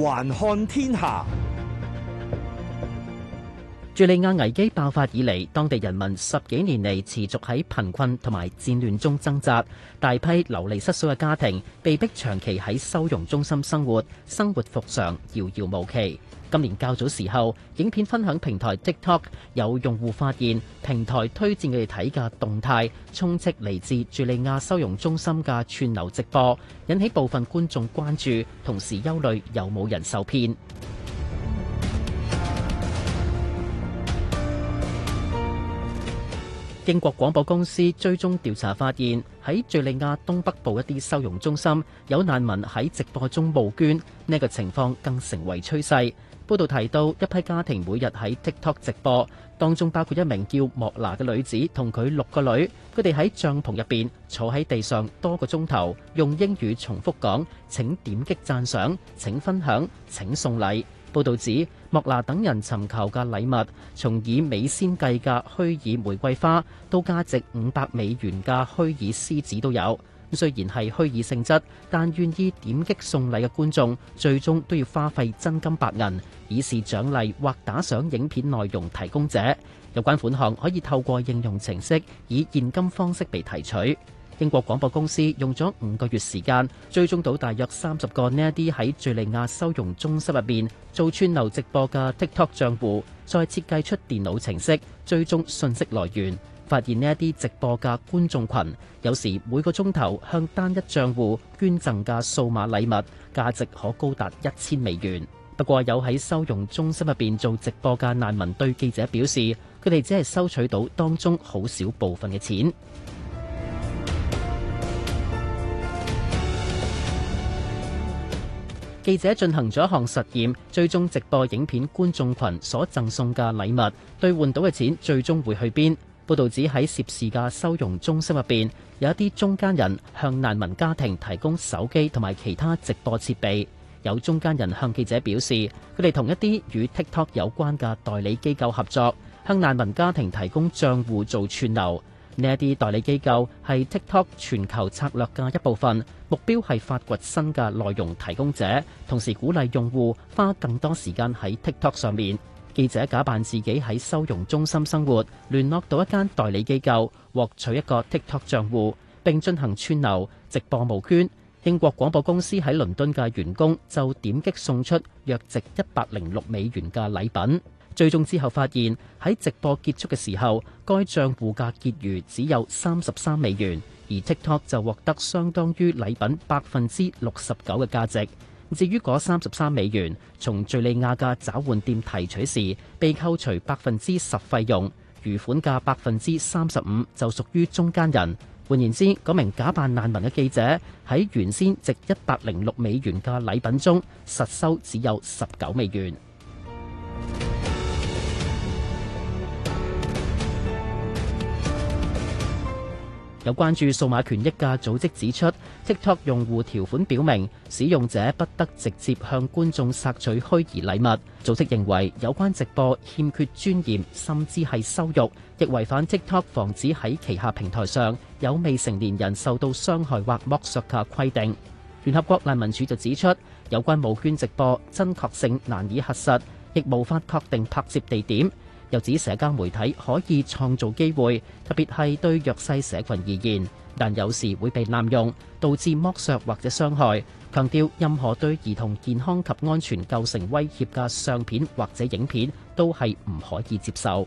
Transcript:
環看天下。敘利亞危機爆發以嚟，當地人民十幾年嚟，持續喺貧困同埋戰亂中掙扎，大批流離失所嘅家庭被迫長期喺收容中心生活，生活復常遙遙無期。今年較早時候，影片分享平台 TikTok 有用戶發現，平台推薦佢哋睇嘅動態充斥嚟自敘利亞收容中心嘅串流直播，引起部分觀眾關注，同時憂慮有冇人受騙。英國廣播公司追蹤調查發現，喺敘利亞東北部一啲收容中心，有難民喺直播中募捐，呢個情況更成為趨勢。報道提到，一批家庭每日喺 TikTok 直播，當中包括一名叫莫娜嘅女子同佢六個女，佢哋喺帳篷入邊坐喺地上多個鐘頭，用英語重複講：請點擊讚賞，請分享，請送禮。報道指。莫娜等人尋求嘅禮物，從以美仙計嘅虛擬玫瑰花，到價值五百美元嘅虛擬獅子都有。雖然係虛擬性質，但願意點擊送禮嘅觀眾，最終都要花費真金白銀，以示獎勵或打賞影片內容提供者。有關款項可以透過應用程式以現金方式被提取。英國廣播公司用咗五個月時間，追蹤到大約三十個呢一啲喺敍利亞收容中心入面做串流直播嘅 TikTok 帳戶，再設計出電腦程式追蹤信息來源。發現呢一啲直播嘅觀眾群，有時每個鐘頭向單一帳戶捐贈嘅數碼禮物，價值可高達一千美元。不過有喺收容中心入面做直播嘅難民對記者表示，佢哋只係收取到當中好少部分嘅錢。記者進行咗一項實驗，最終直播影片觀眾群所贈送嘅禮物兌換到嘅錢，最終會去邊？報道指喺涉事嘅收容中心入邊，有一啲中間人向難民家庭提供手機同埋其他直播設備。有中間人向記者表示，佢哋同一啲與 TikTok 有關嘅代理機構合作，向難民家庭提供賬戶做串流。呢一啲代理機構係 TikTok 全球策略嘅一部分，目標係發掘新嘅內容提供者，同時鼓勵用戶花更多時間喺 TikTok 上面。記者假扮自己喺收容中心生活，聯絡到一間代理機構，獲取一個 TikTok 帳戶，並進行串流直播募捐。英國廣播公司喺倫敦嘅員工就點擊送出約值一百零六美元嘅禮品。最終之後發現，喺直播結束嘅時候，該賬戶價結餘只有三十三美元，而 TikTok 就獲得相當於禮品百分之六十九嘅價值。至於嗰三十三美元，從敍利亞嘅找換店提取時，被扣除百分之十費用，餘款嘅百分之三十五就屬於中間人。換言之，嗰名假扮難民嘅記者喺原先值一百零六美元嘅禮品中，實收只有十九美元。有關注數碼權益嘅組織指出，TikTok 用戶條款表明使用者不得直接向觀眾索取虛擬禮物。組織認為有關直播欠缺尊嚴，甚至係羞辱，亦違反 TikTok 防止喺旗下平台上有未成年人受到傷害或剝削嘅規定。聯合國難民署就指出，有關募捐直播真確性難以核實，亦無法確定拍攝地點。又指社交媒體可以創造機會，特別係對弱勢社群而言，但有時會被濫用，導致剝削或者傷害。強調任何對兒童健康及安全構成威脅嘅相片或者影片都係唔可以接受。